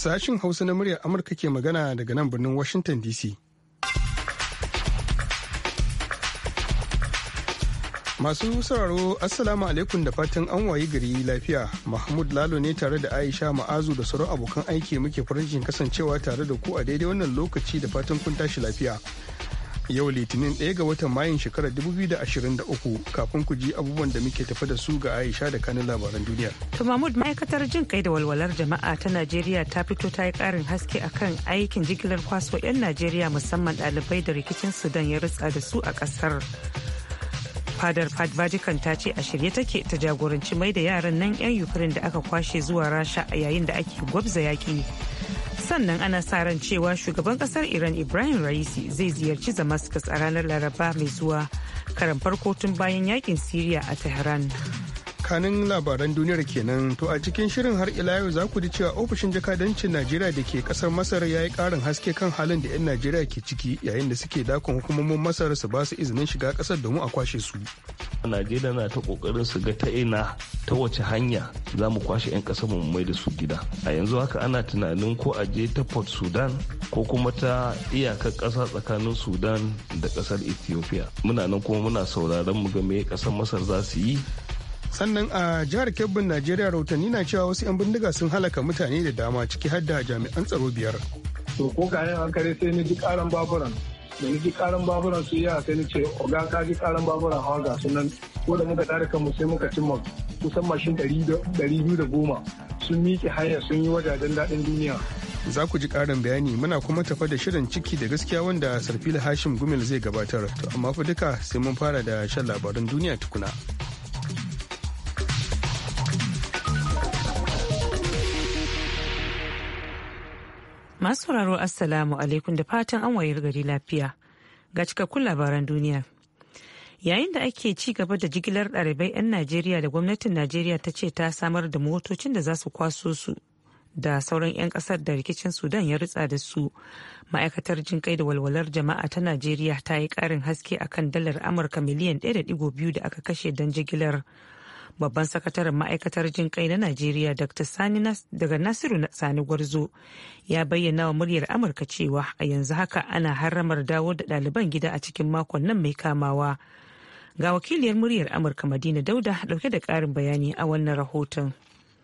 Sashin Hausa na muryar Amurka ke magana daga nan birnin Washington DC. Masu sauraro Assalamu alaikum da fatan an wayi gari lafiya. Mahmud Lalo ne tare da Aisha Ma'azu da sauran abokan aiki muke farin kasancewa tare da ku a daidai wannan lokaci da fatan kun tashi lafiya. yau litinin ɗaya ga watan mayun shekarar 2023 kafin ku ji abubuwan da muke tafi da su ga aisha da kanin labaran duniya. to mahmud ma'aikatar jin kai da walwalar jama'a ta najeriya ta fito ta yi ƙarin haske akan aikin jigilar kwaso 'yan najeriya musamman ɗalibai da rikicin sudan ya ritsa da su a ƙasar. fadar Vatican ta ce a shirye take ta jagoranci mai da yaran nan 'yan Ukraine da aka kwashe zuwa Rasha a yayin da ake gwabza yaƙi. sannan ana sa ran cewa shugaban kasar iran ibrahim raisi zai ziyarci damascus a ranar laraba mai zuwa karan kotun bayan yakin siriya a tehran kanin labaran duniyar kenan to a cikin shirin har ila yau za ku ji cewa ofishin jakadancin najeriya da ke kasar masar ya yi karin haske kan halin da 'yan najeriya ke ciki yayin da suke dakon hukumomin masar su ba su izinin shiga kasar domin a kwashe su najeriya na ta kokarin su ga ta ina ta wace hanya za mu kwashe 'yan kasar mu mai da su gida a yanzu haka ana tunanin ko a je ta port sudan ko kuma ta iyakar kasa tsakanin sudan da kasar ethiopia muna nan kuma muna sauraron mu ga me kasar masar za su yi sannan a jihar kebbin najeriya rahotanni na cewa wasu 'yan bindiga sun halaka mutane da dama ciki har da jami'an tsaro biyar to ko kayan yi hankali sai ni ji karan baburan da ni ji karan baburan su yi sai ni ce oga ka ji karan baburan hawa ga sunan ko da muka tare kanmu sai muka cimma kusan mashin goma sun miƙe hanya sun yi wajajen daɗin duniya za ku ji ƙarin bayani muna kuma tafa da shirin ciki da gaskiya wanda sarfila hashim gumel zai gabatar to amma fa duka sai mun fara da shan labarin duniya tukuna. Masu sauraro Assalamu alaikum da fatan an wayar gari lafiya ga cikakkun labaran duniya. Yayin da ake ci gaba da jigilar ɗalibai 'yan Najeriya da gwamnatin Najeriya ta ce ta samar da motocin da za su kwaso su da sauran 'yan ƙasar da rikicin Sudan ya ritsa da su. Ma'aikatar jin kai da walwalar jama'a ta Najeriya ta yi ƙarin haske akan dalar Amurka miliyan 1.2 da aka kashe don jigilar. babban sakataren ma'aikatar jin kai na najeriya daga nasiru sani gwarzo ya bayyana wa muryar amurka cewa a yanzu haka ana haramar dawo da ɗaliban gida a cikin makon nan mai kamawa ga wakiliyar muryar amurka madina dauda dauke da ƙarin bayani a wannan rahoton.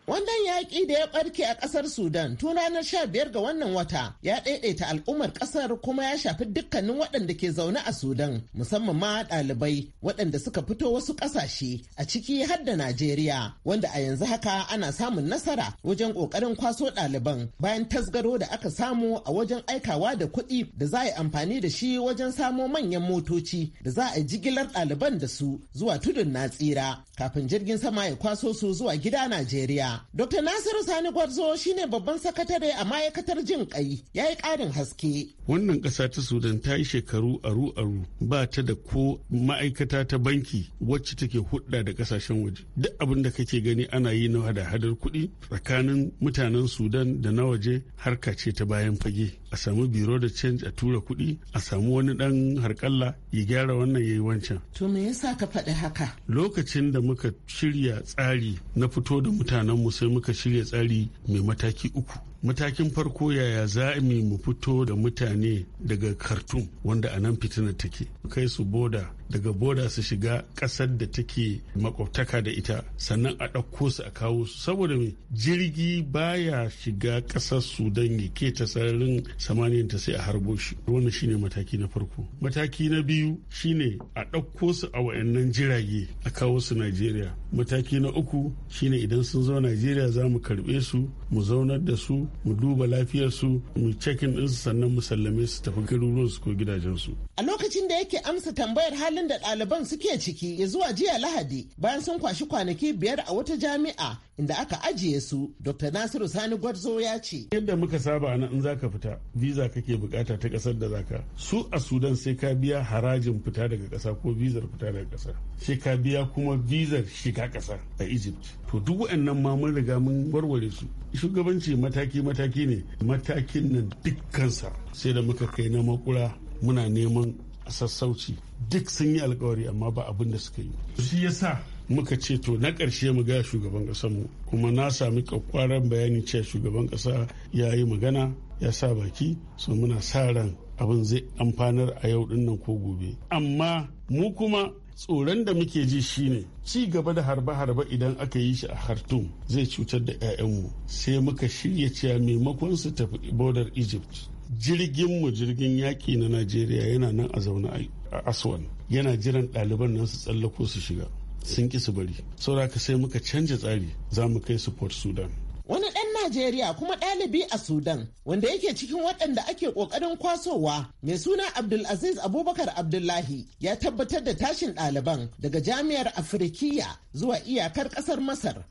Wannan yaƙi da ya ɓarke a ƙasar Sudan tun ranar biyar ga wannan wata ya ɗaiɗaita al'ummar ƙasar kuma ya shafi dukkanin waɗanda ke zaune a Sudan musamman ma ɗalibai waɗanda suka fito wasu ƙasashe a ciki har da Najeriya wanda a yanzu haka ana samun nasara wajen ƙoƙarin kwaso ɗaliban bayan tasgaro da aka samu a wajen aikawa da kuɗi da za a yi amfani da shi wajen samo manyan motoci da za a yi jigilar ɗaliban da su zuwa tudun na tsira kafin jirgin sama ya kwaso su zuwa gida Najeriya. Dr. Nasiru Sani Gwarzo shine babban sakatare a ma'aikatar jin kai ya yi ƙarin haske. Wannan ƙasa ta Sudan ta yi shekaru aru-aru ba ta da ko ma'aikata ta banki wacce take hudda da ƙasashen waje. Duk abin da kake gani ana yi na hada-hadar kuɗi tsakanin mutanen Sudan da na waje harka ce ta bayan fage. A samu biro da change a tura kuɗi a samu wani ɗan harƙalla ya gyara wannan ya yi wancan. To me yasa ka faɗi haka? Lokacin da muka shirya tsari na fito da mutanenmu mu sai muka shirya tsari mai mataki uku matakin farko yaya za mu fito da mutane daga khartoum wanda a nan fitina take kai su boda daga boda su shiga kasar da take makwabtaka da ita sannan a ɗauko su a kawo su saboda me jirgi baya shiga kasar sudan ya ta sararin samaniyar ta sai a harbo shi wannan shine mataki na farko mataki na biyu shine a ɗauko su a wayannan jirage a kawo su najeriya mataki na uku shine idan sun zo najeriya za mu karɓe su mu zaunar da su mu duba lafiyar su mu cekin ɗinsu sannan mu sallame su tafi garuruwansu ko gidajensu. A lokacin da yake amsa tambayar halin da ɗaliban suke ciki ya zuwa jiya Lahadi bayan sun kwashi kwanaki biyar a wata jami'a inda aka ajiye su dr nasiru sani gwarzo ya ce yadda muka saba na in zaka fita visa kake bukata ta kasar da zaka su a sudan sai ka biya harajin fita daga kasa ko vizar fita daga kasa sai ka biya kuma vizar shiga kasa a egypt to duk waɗannan ma mun riga mun warware su shugabanci mataki mataki ne matakin nan dukkansa sai da muka kai na makura muna neman sassauci duk sun yi alkawari amma ba abin da suka yi shi yasa muka ce to na ƙarshe mu ga shugaban mu kuma na sami kwakwaran bayani cewa shugaban ƙasa ya yi magana ya sa baki so muna sa ran abin zai amfanar a yau dinnan ko gobe amma mu kuma tsoron da muke ji shine ci gaba da harba harba idan aka yi shi a Khartoum zai cutar da 'ya'yanmu sai muka shirya cewa maimakon su tafi bodar Egypt jirgin mu jirgin yaƙi na Najeriya yana nan a zaune a Aswan yana jiran ɗaliban nan su tsallako su shiga sun ki su bari sauraka sai muka canja tsari za mu kai su port sudan wani ɗan Najeriya kuma ɗalibi a Sudan wanda yake cikin waɗanda ake ƙoƙarin kwasowa mai suna Abdulaziz Abubakar Abdullahi ya tabbatar da tashin ɗaliban daga jami'ar Afirikiya zuwa iyakar ƙasar Masar.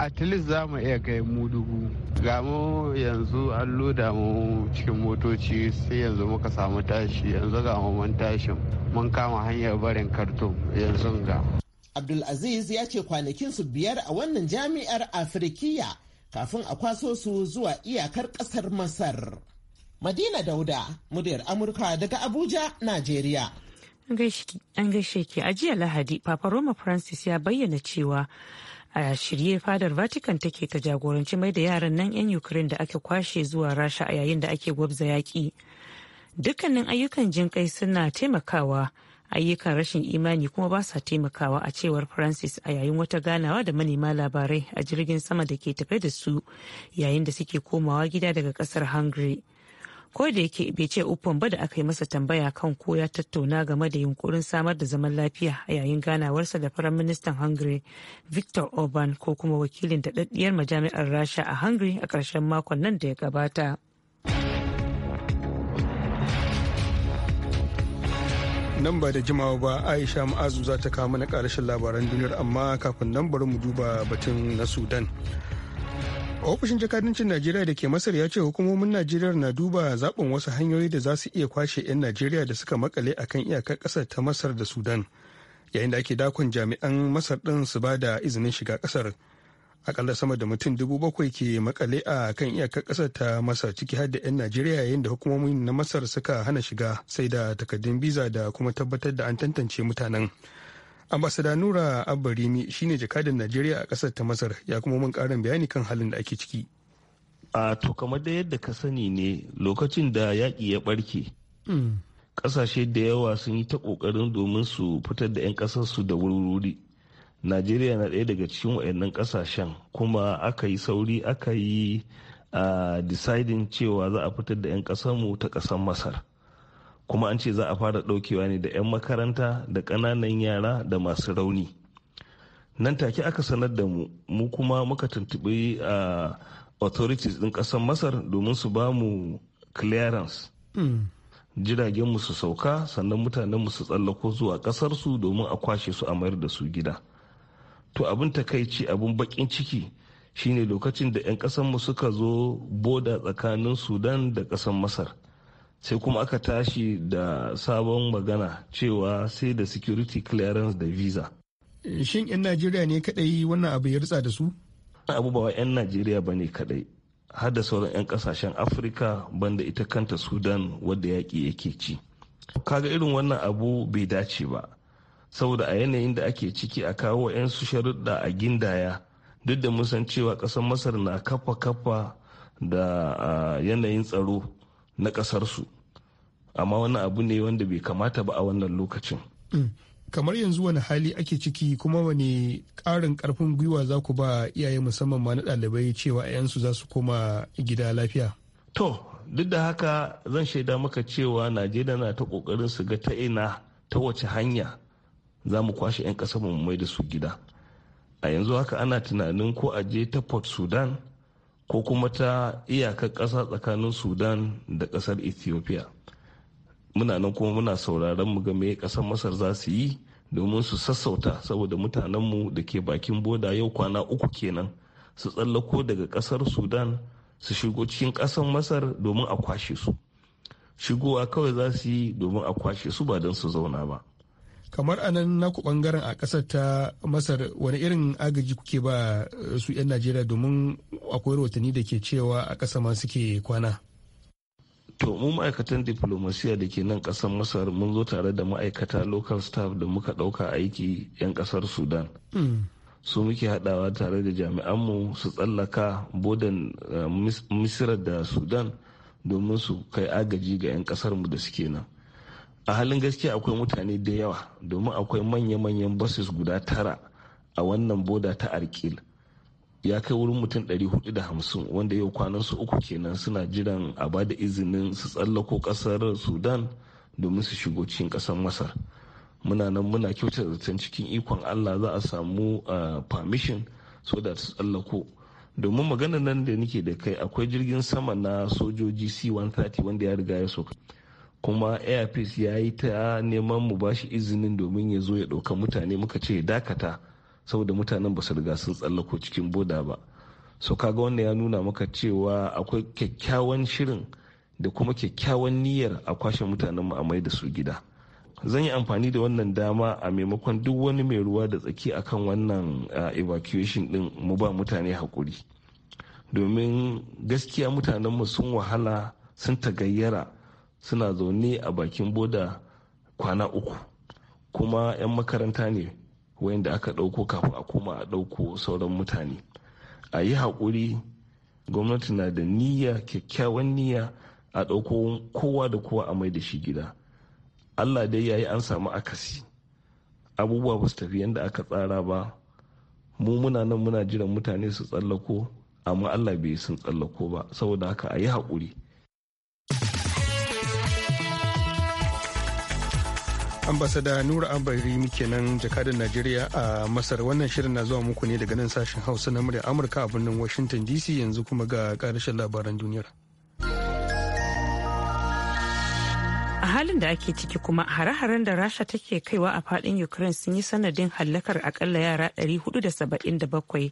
At least za mu iya kai mu dubu. Ga mu yanzu an loda mu cikin motoci sai yanzu muka samu tashi yanzu ga mun tashin mun kama hanyar barin karton yanzu ga. Abdulaziz ya ce kwanakin su biyar a wannan jami'ar Afirkiya kafin a kwaso su zuwa iyakar ƙasar Masar. Madina Dauda, muryar Amurka daga Abuja, Najeriya. An gaishe ki a jiya Lahadi, Papa Roma Francis ya bayyana cewa a shirye fadar Vatican take ta jagoranci mai da yaran nan 'yan Ukraine da aka kwashe zuwa Rasha a yayin da ake gwabza yaƙi. Dukkanin ayyukan jin kai suna taimakawa ayyukan rashin imani kuma ba sa taimakawa a cewar francis a yayin wata ganawa da manema labarai a jirgin sama da ke tafe da su yayin da suke komawa gida daga kasar hungary ko da yake bai ce uffan ba da aka yi masa tambaya kan ko ya tattauna game da yunkurin samar da zaman lafiya a yayin ganawarsa da firayim ministan hungary victor orban ko kuma wakilin daɗaɗɗiyar majami'ar rasha a hungary a ƙarshen makon nan da ya gabata nan ba da jimawa ba aisha ma'azu za ta kawo mana karashin labaran duniyar amma kafin nan bari mu duba batun na sudan ofishin jakadancin najeriya da ke masar ya ce hukumomin najeriya na duba zaɓin wasu hanyoyi da za su iya kwashe 'yan najeriya da suka makale kan iyakar ƙasar ta masar da sudan yayin da ake dakon jami'an masar ɗin su ba da izinin shiga ƙasar akalla sama da mutum dubu bakwai ke makale a kan iyakar kasar ta masar ciki har da 'yan najeriya yayin da hukumomin na masar suka hana shiga sai da takardun biza da kuma tabbatar da an tantance mutanen ambasada nura abarimi shine jakadan najeriya a kasar ta masar ya kuma mun karin bayani kan halin da ake ciki a to kamar da yadda ka sani ne lokacin da yaƙi ya barke mm. ƙasashe da yawa sun yi ta ƙoƙarin domin su fitar da 'yan ƙasarsu da wuri najeriya na ɗaya daga cikin wayannan ƙasashen kuma aka yi sauri aka yi a deciding cewa za a fitar da 'yan ƙasarmu ta kasar masar kuma an ce za a fara ɗaukewa ne da 'yan makaranta da ƙananan yara da masu rauni nan take aka sanar da mu mu kuma muka tuntuɓi a authorities ɗin ƙasar masar domin su ba mu clearance hmm. jiragen su sauka sannan mutanen su tsallako zuwa ƙasarsu domin a kwashe su a mayar da su gida to abin takaici abin bakin ciki shine lokacin da 'yan kasanmu suka zo boda tsakanin sudan da kasan masar sai kuma aka tashi da sabon magana cewa sai da security clearance da visa shin 'yan najeriya ne kadai wannan abu ya ritsa da su abu ba 'yan najeriya ba ne kadai har da sauran 'yan kasashen afirka banda ita kanta sudan wadda yaƙi yake ci kaga irin wannan abu bai dace ba saboda a yanayin da ake ciki a kawo 'yansu sharuɗa a gindaya duk da musan cewa ƙasar masar na kafa kafa da yanayin tsaro na ƙasarsu amma wani abu ne wanda bai kamata ba a wannan lokacin mm. kamar yanzu wani hali ake ciki kuma wani ƙarin ƙarfin gwiwa za ku ba iyaye musamman ma na ɗalibai cewa 'yansu za su koma gida lafiya to duk da haka zan shaida maka cewa najeriya na ta ƙoƙarin su ga ta ina ta wace hanya za mu kwashe 'yan ƙasar mu mai da su gida a yanzu haka ana tunanin ko a je ta port sudan ko kuma ta iyakar ƙasa tsakanin sudan da ƙasar ethiopia muna nan kuma muna sauraron mu game me ƙasar masar za su yi domin su sassauta saboda mutanenmu da ke bakin boda yau kwana uku kenan su tsallako daga ƙasar sudan su shigo cikin ƙasar masar domin a kwashe su shigowa kawai za su yi domin a kwashe su ba don su zauna ba kamar anan nan naku bangaren a kasar ta masar wani irin agaji kuke ba eh, su 'yan najeriya domin akwai rahotanni da ke cewa a kasa ma suke kwana to mu ma'aikatan diplomasiya da ke nan kasar masar mun zo tare da ma'aikata local staff da muka ɗauka aiki 'yan kasar sudan hmm. su muke hadawa tare da jami'anmu su tsallaka bodan eh, misira da sudan domin su kai agaji ga 'yan mu da suke nan a halin gaskiya akwai mutane da yawa domin akwai manya-manyan buses guda tara a wannan boda ta arkil ya kai wurin mutum 450 wanda yau kwanan su uku kenan suna jiran a ba da izinin su tsallako kasar sudan domin su shigo cikin kasar masar muna nan muna kyauta zaton cikin ikon allah za a samu ah, permission so da su tsallako domin maganar nan da nake da kai akwai jirgin sama na sojoji c-130 wanda ya riga ya soka kuma airpeace ya yi ta neman mu ba shi izinin domin ya zo ya ɗauka mutane muka ce ya dakata saboda mutanen ba su riga sun tsallako cikin boda ba so kaga wannan ya nuna maka cewa akwai kyakkyawan shirin da kuma kyakkyawan niyyar a kwashe mutanen mu a mai da su gida zan yi amfani da wannan dama a maimakon duk wani mai ruwa da tsaki akan wannan evacuation din mu ba mutane hakuri domin gaskiya mutanen mu sun wahala sun tagayyara suna zaune a bakin boda kwana uku kuma 'yan makaranta ne wayanda aka ɗauko kafin a koma a ɗauko sauran mutane a yi haƙuri gwamnati na da niyya kyakkyawan niyya a ɗauko kowa da kowa a mai da shi gida allah dai ya yi an samu akasi abubuwa ba su tafi yadda aka tsara ba mu muna nan muna jiran mutane su tsallako amma allah bai sun tsallako ba saboda haka a yi haƙuri ambasada nura abari nan jakadar najeriya a masar wannan shirin na zuwa muku ne daga nan sashen hausa na murya amurka a birnin washington dc yanzu kuma ga karshen labaran duniyar a halin da ake ciki kuma hare-haren da rasha take kaiwa a fadin ukraine sun yi sanadin hallakar akalla yara 477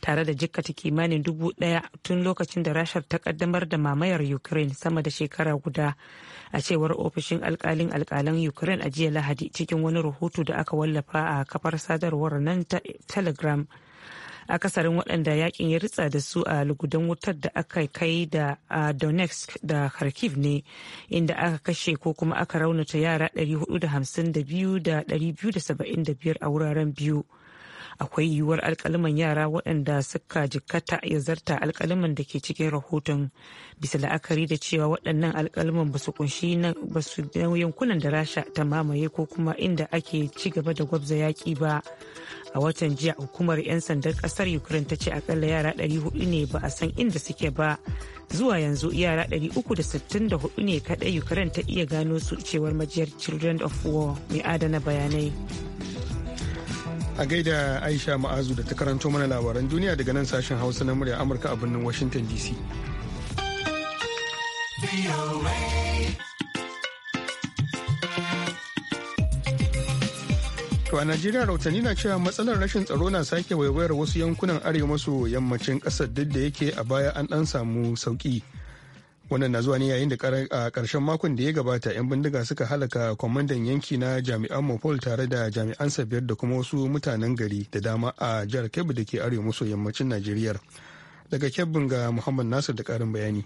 tare da jikkata kimanin dubu daya tun lokacin da rasha ta kaddamar da mamayar ukraine sama da shekara guda a cewar ofishin alkalin alkalan ukraine a jiya lahadi cikin wani rahoto da aka wallafa a kafar sadarwar nan ta telegram akasarin waɗanda yakin ya ritsa da su a lugudan wutar da aka kai da a donetsk da kharkiv ne inda aka kashe ko kuma aka raunata yara 452 a wuraren biyu akwai yiwuwar alkaliman yara waɗanda suka jikkata ya zarta alkaliman da ke cikin rahoton bisa la'akari da cewa waɗannan alkaliman ba su kunshi ba su yankunan da rasha ta mamaye ko kuma inda ake ci gaba da gwabza yaƙi ba a watan jiya hukumar 'yan sandar kasar ukraine ta ce akalla yara 400 ne ba a san inda suke ba zuwa yanzu yara 364 ne kadai ukraine ta iya gano su cewar majiyar children of war mai adana bayanai a gaida aisha ma'azu da ta karanto mana labaran duniya daga nan sashen hausa na murya amurka a birnin washington dc To a Najeriya rautani na cewa matsalar rashin tsaro na sake waiwayar wasu yankunan arewa maso yammacin kasar duk da yake a baya an dan samu sauki. Wannan na zuwa ne yayin da a karshen makon da ya gabata 'yan bindiga suka halaka kwamandan yanki na jami'an Mopol tare da jami'an biyar da kuma wasu mutanen gari da dama a jihar Kebbi da ke arewa maso yammacin Najeriya. Daga Kebbin ga Muhammad Nasir da karin bayani.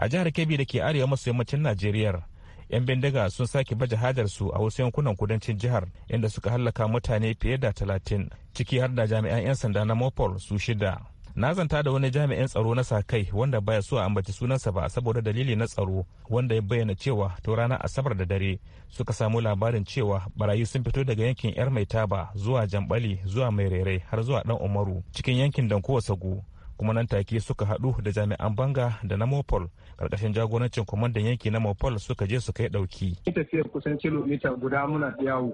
A jihar Kebbi da ke arewa maso yammacin Najeriya 'yan bindiga sun sake baje su a wasu yankunan kudancin jihar inda suka hallaka mutane fiye da talatin ciki har da jami'an 'yan sanda na mopol su shida na zanta da wani jami'in tsaro na sakai wanda baya so a ambaci sunansa ba saboda dalili na tsaro wanda ya bayyana cewa to ranar asabar da dare suka samu labarin cewa barayi sun fito daga yankin yar mai taba zuwa jambali zuwa mai rere har zuwa dan umaru cikin yankin dankowa sagu kuma nan take suka hadu da jami'an banga da na mopol karkashin jagorancin kwamandan yanki na mopol suka je su kai ɗauki. tafiyar kusan kilomita guda muna yawo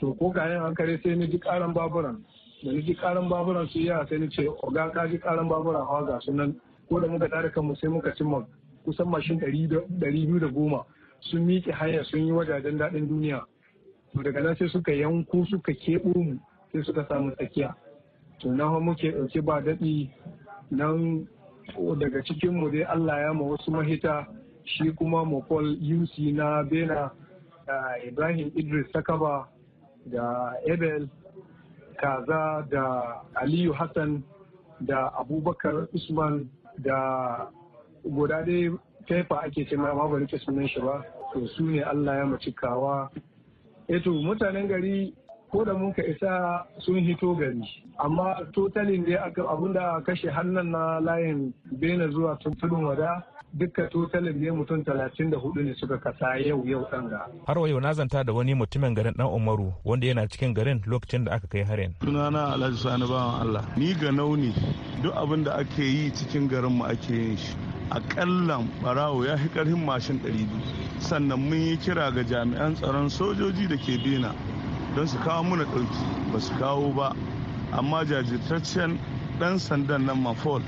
to ko ga yin hankali sai ni ji karan baburan da ni ji karan baburan su yi sai ni ce oga ka ji karan baburan hawa ga nan ko da muka tare kanmu sai muka cimma kusan mashin ɗari biyu da goma sun miƙe hanya sun yi wajajen daɗin duniya to daga nan sai suka yanko suka keɓo mu sai suka samu tsakiya to nan muke ɗauke ba daɗi nan daga cikin mu dai Allah ya ma wasu mahita shi kuma mopol UC na Bena da Ibrahim Idris Sakaba da Ebel Kaza da Aliyu Hassan da Abubakar Usman da guda dai fefa ake ce ma ba rike sunan shi ba to su ne Allah ya ma macikawa eto eh mutanen gari ko da mun ka isa sun hito gari amma totalin dai aka abinda kashe hannun na layin bena zuwa tudun wada dukka totalin ne mutum talatin ne suka kasa yau yau dan ga. Har wayo na zanta da wani mutumin garin Dan Umaru wanda yana cikin garin lokacin da aka kai harin. Sunana Alhaji Sani bawan Allah. Ni ga nauni duk abin da ake yi cikin garin mu ake yin shi. Akalla barawo ya fi mashin ɗari biyu. Sannan mun yi kira ga jami'an tsaron sojoji da ke bena don su kawo muna ɗauki ba su kawo ba amma jajirtaccen dan sandan nan mafol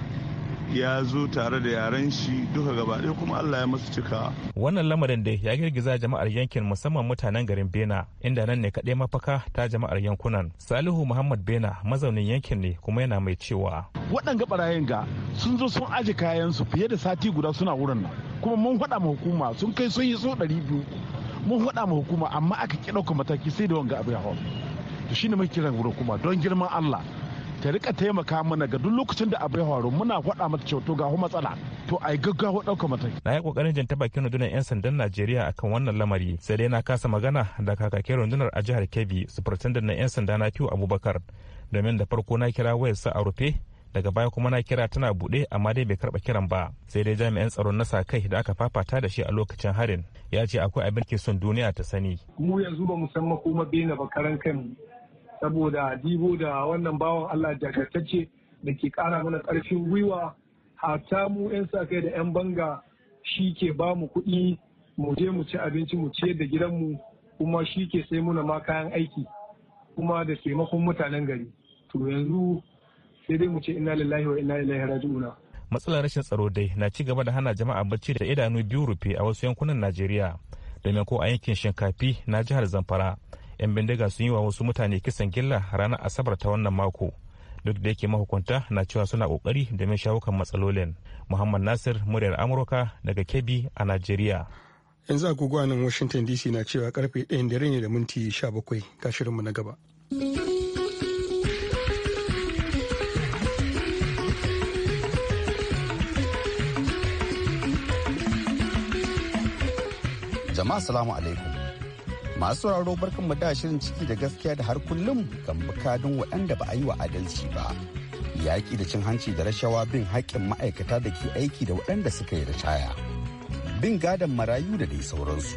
ya zo tare da yaren shi duka gaba ɗaya kuma Allah ya masu cika. Wannan lamarin dai ya girgiza jama'ar yankin musamman mutanen garin Bena inda nan ne kaɗai mafaka ta jama'ar yankunan. Salihu Muhammad Bena mazaunin yankin ne kuma yana mai cewa. Waɗanga ɓarayin ga sun zo sun aje kayansu fiye da sati guda suna wurin nan. Kuma mun faɗa ma hukuma sun kai sun yi so ɗari biyu mun faɗa ma hukuma amma aka ki ɗaukar mataki sai da wanga abu ya hau to shine mai kiran hukuma don girman Allah ta rika taimaka mana ga duk lokacin da abu ya hau muna faɗa mata cewa to ga matsala to ai gaggawa ɗauka mataki. Na yi ƙoƙarin janta bakin rundunar 'yan sandan Najeriya akan wannan lamari sai dai na kasa magana da kakakin rundunar a jihar Kebbi superintendent na 'yan sanda na Abubakar domin da farko na kira wayar sa a rufe daga baya kuma na kira tana bude amma dai bai karba kiran ba sai dai jami'an tsaron na sa kai da aka fafata da shi a lokacin harin ya ce akwai abin ke son duniya ta sani. mu yanzu ba mu san makoma bena ba karan kan saboda dibo da wannan bawan allah jakartacce da ke kara mana karfin gwiwa hata mu 'yan sa kai da 'yan banga shi ke ba mu kuɗi mu je mu ci abinci mu ciyar da mu kuma shi ke sai muna ma kayan aiki kuma da taimakon mutanen gari to yanzu sai dai mu ce inna lillahi wa inna ilaihi raji'una matsalar rashin tsaro dai na ci gaba da hana jama'a bacci da idanu biyu rufe a wasu yankunan najeriya domin ko a yankin shinkafi na jihar zamfara yan bindiga sun yi wa wasu mutane kisan gilla ranar asabar ta wannan mako duk da yake mahukunta na cewa suna kokari domin shawo kan matsalolin muhammad nasir muryar amurka daga kebbi a najeriya yanzu agogo a washington dc na cewa karfe 1 da ne da minti 17 ga shirinmu na gaba. Jama'a salamu alaikum. Masu sauraro barkan mu da shirin ciki da gaskiya da har kullum kan bukadun waɗanda ba a yi wa adalci ba. Yaƙi da cin hanci da rashawa bin haƙƙin ma'aikata da ke aiki da waɗanda suka yi ritaya. Bin gadon marayu da dai sauransu.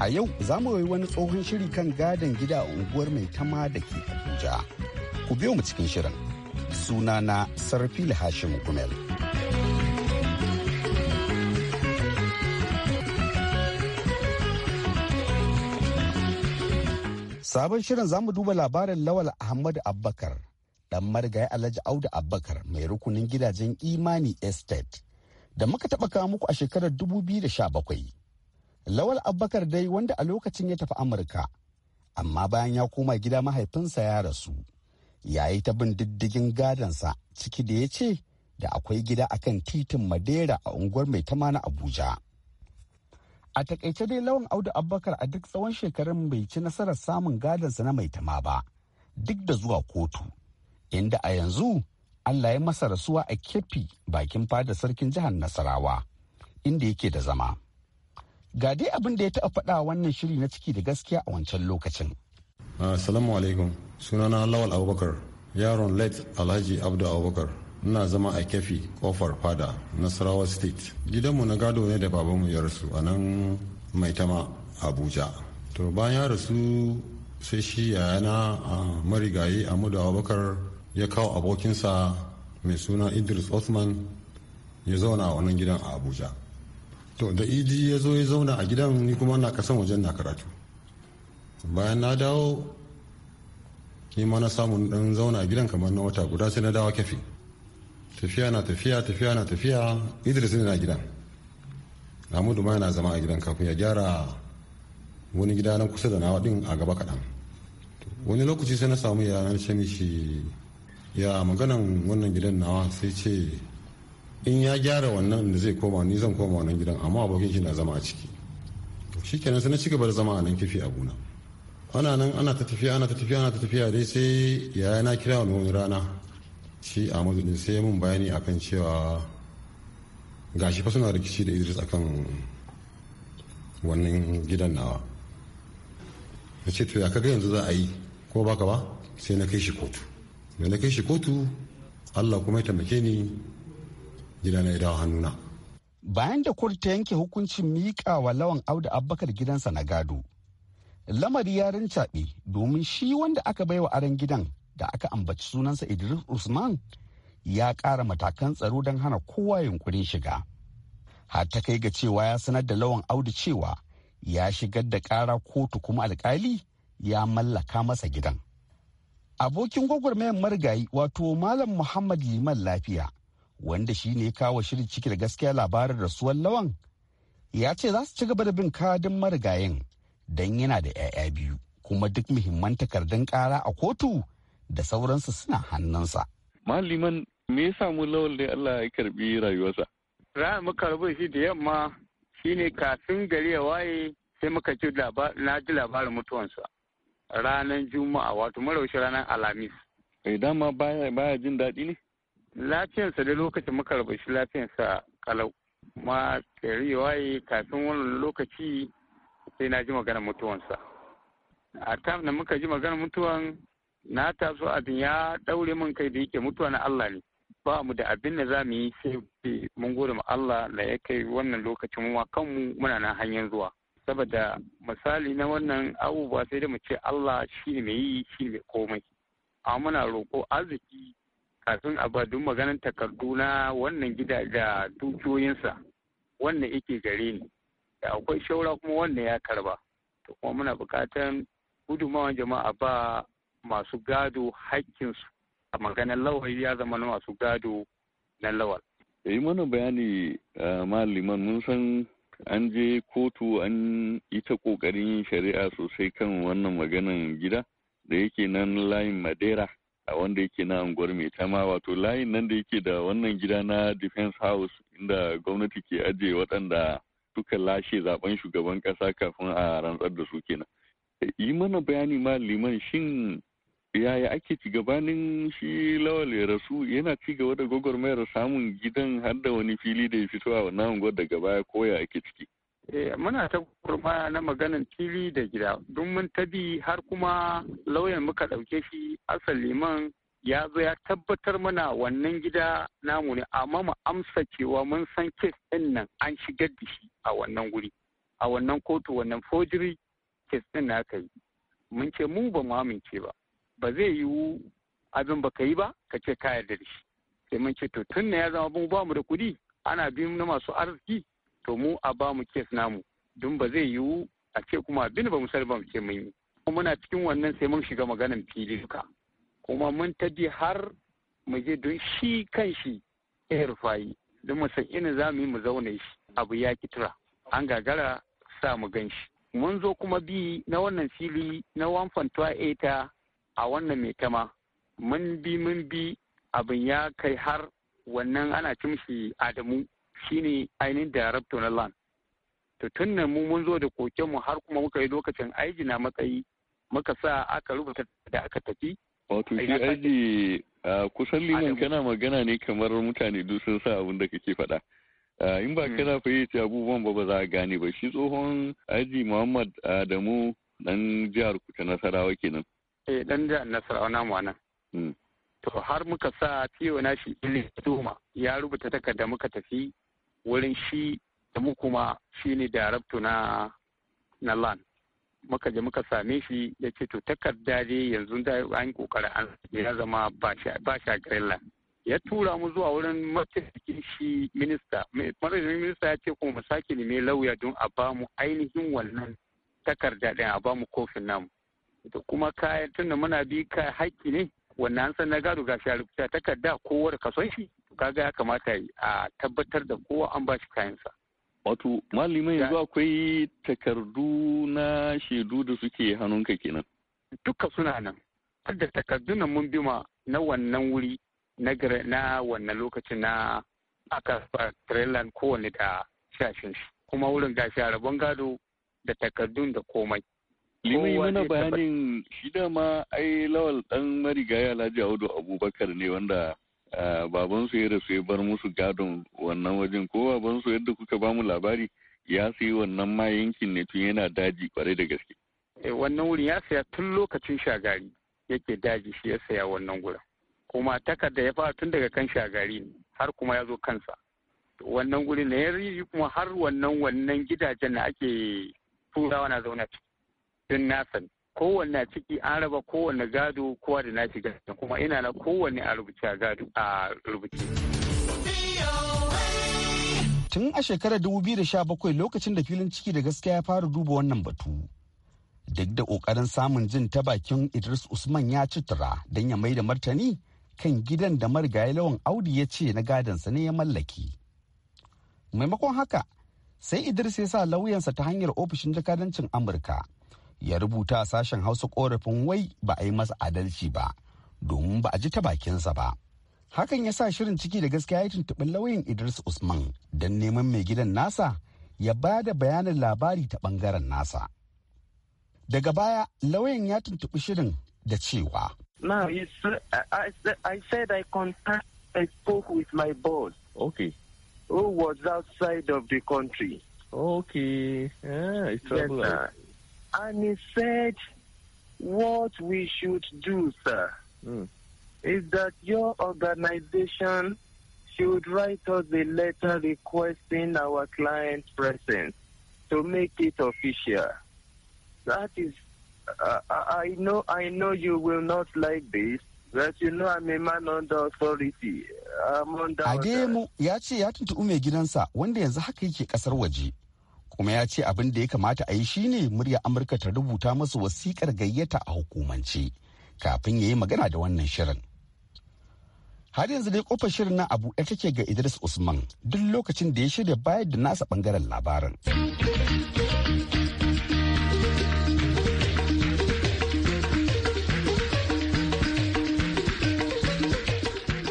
A yau za mu yi wani tsohon shiri kan gadon gida a unguwar mai tama da ke Abuja. Ku biyo mu cikin shirin. Sunana Sarfil Hashim Gumel. Sabon shirin za mu duba labarin Lawal Ahmad Abbakar, ɗan marigayi Alhaji Audu Abbakar mai rukunin gidajen Imani Estate da muka taɓa kawo muku a shekarar 2017. Lawal Abbakar dai wanda a lokacin ya tafi Amurka, amma bayan ya koma gida mahaifinsa ya rasu. Yayi ta bin diddigin gadonsa ciki da ya ce da akwai gida akan titin Madera a unguwar mai na Abuja. A takaice dai lawan Audu Abubakar a duk tsawon shekarun bai ci nasarar samun gadansa na mai tama ba, duk da zuwa kotu, inda a yanzu Allah ya masa rasuwa a kefi bakin fada sarkin jihar Nasarawa, inda yake da zama. Ga dai abin da ya taɓa faɗa wannan shiri na ciki da gaskiya a wancan lokacin. Assalamu alaikum, sunana Lawal Abubakar, yaron late Alhaji Abdu Abubakar. ina zama a kefi kofar fada nasarawa state gidanmu na gado ne da babanmu ya rasu a nan mai tama abuja to bayan ya rasu sai shi yayana a marigayi amadu abubakar ya kawo abokinsa mai suna idris osman ya zauna a wannan gidan a abuja to da idi ya zo ya zauna a gidan ni kuma na kasan wajen na karatu bayan na dawo ni ma na samu dan zauna a gidan kamar na wata guda sai na dawo kefi tafiya na tafiya tafiya na tafiya idris ne na gidan hamudu ma yana zama a gidan kafin ya gyara wani gida nan kusa da nawa din a gaba kaɗan wani lokaci sai na samu ya nan ya maganan wannan gidan nawa sai ce in ya gyara wannan da zai koma ni zan koma wannan gidan amma abokin shi na zama a ciki shikenan sai na ci gaba da zama a nan kifi a gona ana nan ana ta tafiya ana ta tafiya ana ta tafiya dai sai yaya na kira wani rana shi a ne sai mun bayani akan cewa gashi suna rikici da idris akan wannan gidan nawa na ce to ya kaga yanzu za a yi ko baka ba sai na kai shi kotu da na kai shi kotu allah kuma ya taimake ni gida na dawo hannuna bayan da kotu ta yanke hukuncin miƙa wa lawan Audu abbakar gidansa na gado lamari ya rincaɗe domin shi wanda aka baiwa aron gidan da aka ambaci sunansa Idris Usman ya ƙara matakan tsaro don hana kowa yunkurin shiga. Har ta kai ga cewa ya sanar da lawan audu cewa ya shigar da kara kotu kuma alkali ya mallaka masa gidan. Abokin gwagwarmayar marigayi wato Malam Muhammad Liman Lafiya wanda shi ne kawo shirin ciki da gaskiya labarin rasuwar lawan ya ce za su ci gaba da bin kadin marigayin don yana da 'ya'ya biyu kuma duk muhimman takardun kara a kotu da sauransu suna hannunsa. Maliman me ya samu lawal da Allah ya karbi rayuwarsa? Za mu karbi shi da yamma shine kafin gari ya waye sai muka ci na ji labarin mutuwansa ranar juma'a wato maraushi ranar alhamis. Eh dama baya jin daɗi ne? Lafiyarsa da lokacin muka rabu shi lafiyarsa kalau. Ma gari ya waye kafin wannan lokaci sai na ji maganar mutuwansa. A tam da muka ji maganar mutuwan na taso abin ya daure mun kai da yake mutuwa na Allah ne ba mu da abin da za mu yi sai mun gode ma Allah da ya kai wannan lokacin mu kanmu muna nan hanyar zuwa saboda misali na wannan abubuwa sai da mu ce Allah shi ne mai yi shi ne komai a muna roƙo arziki kafin a duk maganar takardu na wannan gida da dukiyoyinsa wannan yake gare ni da akwai shaura kuma wannan ya karba to kuma muna buƙatar gudumawan jama'a ba masu gado haƙƙinsu a maganar lawal ya zama na masu gado na lawal. yi mana bayani maliman mun san an je kotu an yi ta ƙoƙarin shari'a sosai kan wannan maganan gida da yake nan layin madera a wanda yake na unguwar mai tama wato layin nan da yake da wannan gida na defense house inda gwamnati ke ajiye waɗanda suka lashe zaben shugaban ƙasa kafin a rantsar da su kenan yi mana bayani ma liman shin yaya ake ci gabanin shi lawal ya rasu yana ci gaba da gwagwarmayar samun gidan har da wani fili da ya fito a wannan unguwar daga baya koya ake ciki eh, muna ta kurma na maganan fili da gida don mun tabi har kuma lauyan muka ɗauke shi asal liman ya zo ya tabbatar mana wannan gida namu ne amma mu amsa cewa mun san kes ɗinnan nan an shigar da shi a wannan guri a wannan kotu wannan fojiri kes ɗin na aka mun ce mu ba mu amince ba ba zai yiwu abin ba ka yi ba ka ce ka yarda da shi sai mun ce to tun ya zama mu ba mu da kuɗi ana bi na masu arziki to mu a ba mu kes namu don ba zai yiwu a ce kuma abin ba mu sani ba mu ce mun yi muna cikin wannan sai mun shiga maganan fili duka kuma mun tabi har mu je don shi kan shi ya rufayi don mu san ina za mu yi mu zauna shi abu ya kitura an gagara sa mu gan shi mun zo kuma bi na wannan fili na ta. a wannan mai tama mun bi mun bi abin ya kai har wannan ana cimshi adamu shine ainihin darabta na land to tun nan mu mun zo da kokenmu har kuma muka yi lokacin aiji na matsayi muka sa aka rubuta da aka tafi wato shi aiji kusan liman kana magana ne kamar mutane duk sun sa abin da kake faɗa in ba hmm. kana fahimci abubuwan ba ba za a gane ba shi tsohon aji muhammad adamu dan jihar kuta nasarawa kenan eh dan jihar Nasarawa namu nan. Hmm. To har muka sa tiyo na shi Ili Doma ya rubuta takarda muka tafi wurin shi da mu kuma shi ne darabtu na na LAN. Muka je muka same shi ya ce to takarda dai yanzu da an kokari an ya zama ba shi a Greenland. Ya tura mu zuwa wurin mataimakin shi minista. Mataimakin minista ya ce kuma mu sake neme lauya don a ba mu ainihin wannan takarda ɗin a ba mu kofin namu. da kuma kayan tunda muna bi ka haƙƙi ne wannan an san na gado ga a rubuta takarda da kason shi kaga ya kamata a tabbatar da kowa an ba shi kayansa wato malamai yanzu akwai takardu na shaidu da suke hannunka kenan duka suna nan har da takardu nan mun bima na wannan wuri na na wannan lokacin na aka trailer kowane da shashin shi kuma wurin gashi a rabon gado da takardun da komai Limai mana bayanin shi dama ai lawal ɗan marigaya Alhaji Audu Abubakar ne wanda babansu ya rasu ya bar musu gadon wannan wajen ko babansu yadda kuka bamu labari ya sayi wannan ma yankin ne tun yana daji kwarai da gaske. Eh, wannan wurin ya saya tun lokacin shagari yake daji shi ya saya wannan gurin. Kuma takarda ya fara tun daga kan shagari ne har kuma ya zo kansa. Wannan gurin ne ya kuma har wannan wannan gidajen da ake turawa na zauna ciki. din nasan kowanne a ciki an raba kowanne gado kowa da nashi gado kuma ina na kowanne a rubuce a gado a rubuce. Tun a shekarar 2017 lokacin da filin ciki da gaskiya ya fara duba wannan batu. Duk da kokarin samun jin ta bakin Idris Usman ya citura don ya mai da martani kan gidan da marigayi lawan audi ya ce na gadansa ne ya mallaki. Maimakon haka, sai Idris ya sa lauyansa ta hanyar ofishin jakadancin Amurka. ya rubuta sashen hausa korafin wai ba a yi masa adalci ba domin ba a ji ta bakinsa ba hakan ya sa shirin ciki da gaskiya ya tuntuɓi lauyin idris usman don neman mai gidan nasa ya ba da bayanin labari ta ɓangaren nasa daga baya lauyan ya tuntuɓi shirin da cewa Now, I, with my boss. Who was outside of the country. Okay. Yeah, it's yes, And he said, What we should do, sir, mm. is that your organization should write us a letter requesting our client's presence to make it official. That is, uh, uh I know, I know you will not like this, but you know I'm a man under authority. ya ce ya tuntuɓi mai gidansa wanda yanzu haka yake ƙasar waje kuma ya ce abin da ya kamata a yi shine murya amurka ta rubuta masu wasikar gayyata a hukumance kafin ya yi magana da wannan shirin har yanzu dai kofar shirin na abu ya take ga idris usman duk lokacin da ya shirya bayar da nasa bangaren labarin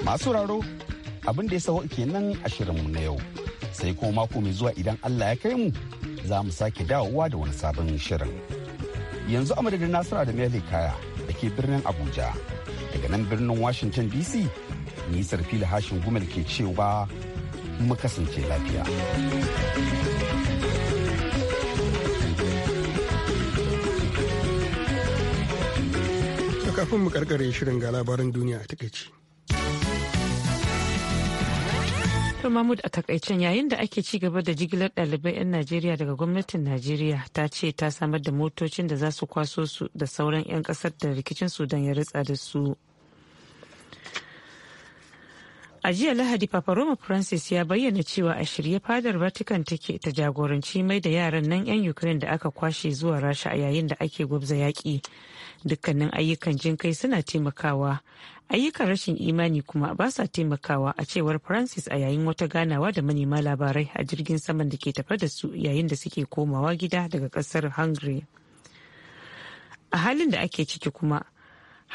masu raro abin da ya sawa kenan a shirinmu na yau sai kuma mako mai zuwa idan allah ya kai mu za mu sake dawowa da wani sabon shirin yanzu a madadin nasara da mele kaya da ke birnin abuja daga nan birnin washington dc nisar fili hashin gumel ke cewa mu kasance lafiya kafin mu karkare shirin ga labaran duniya a takaici. To Mahmud a takaicen yayin da ake ci gaba da jigilar ɗalibai 'yan Najeriya daga gwamnatin Najeriya ta ce ta samar da motocin da za su kwaso su da sauran 'yan ƙasar da rikicin Sudan ya ritsa da su. A jiya Lahadi Papa Roma Francis ya bayyana cewa a shirye fadar Vatican take ta jagoranci mai da yaran nan 'yan Ukraine da aka kwashe zuwa Rasha a yayin da ake gwabza yaƙi. Dukkanin ayyukan jin kai suna taimakawa ayyukan rashin imani kuma ba sa taimakawa a cewar francis a yayin wata ganawa da manema labarai a jirgin saman da ke tafe da su yayin da suke komawa gida daga kasar hungary a halin da ake ciki kuma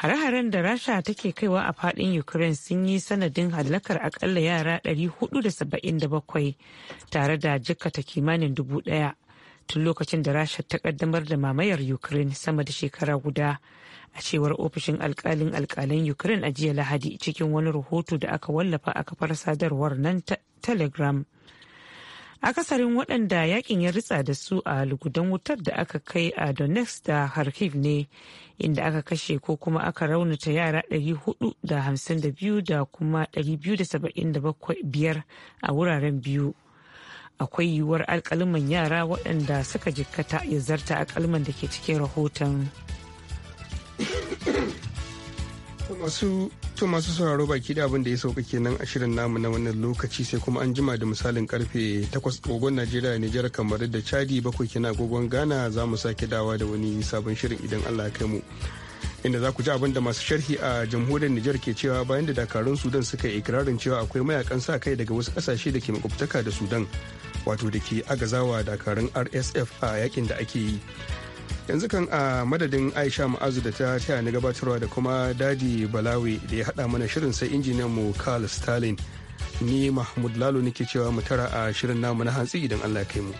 hare-haren da rasha take kaiwa a fadin ukraine sun yi sanadin hallakar akalla yara 477 tare da jikata kimanin dubu daya tun lokacin da rasha ta kaddamar da mamayar ukraine sama da shekara guda a cewar ofishin alkalin alkalan ukraine a jiya lahadi cikin wani rahoto da aka wallafa a kafar sadarwar nan telegram akasarin waɗanda yakin ya ritsa da su a lugudan wutar da aka kai a donetsk da kharkiv ne inda aka kashe ko kuma aka raunata yara 452 da kuma 275 a wuraren biyu akwai yiwuwar alkaliman yara waɗanda suka jikkata ya zarta alkaliman da ke cikin rahoton. masu to masu sauraro baki da abin da ya sauka kenan a shirin namu na wannan lokaci sai kuma an jima da misalin karfe 8 gogon Najeriya Nijar kamar da Chadi bakwai kina gogon Ghana za mu sake dawa da wani sabon shirin idan Allah ya kai mu inda za ku ji abin da masu sharhi a jamhuriyar Nijar ke cewa bayan da dakarun Sudan suka yi ikirarin cewa akwai mayakan sa kai daga wasu kasashe da ke makwabtaka da Sudan wato da ke agazawa dakarun RSF a yakin da ake yi yanzu kan a madadin aisha ma'azu da ta taya na gabatarwa da kuma dadi balawi da ya haɗa mana shirin sai injiniyan mu carl stalin ni mahmud lalo nake cewa mu tara a shirin namu na hantsi idan allah kai mu.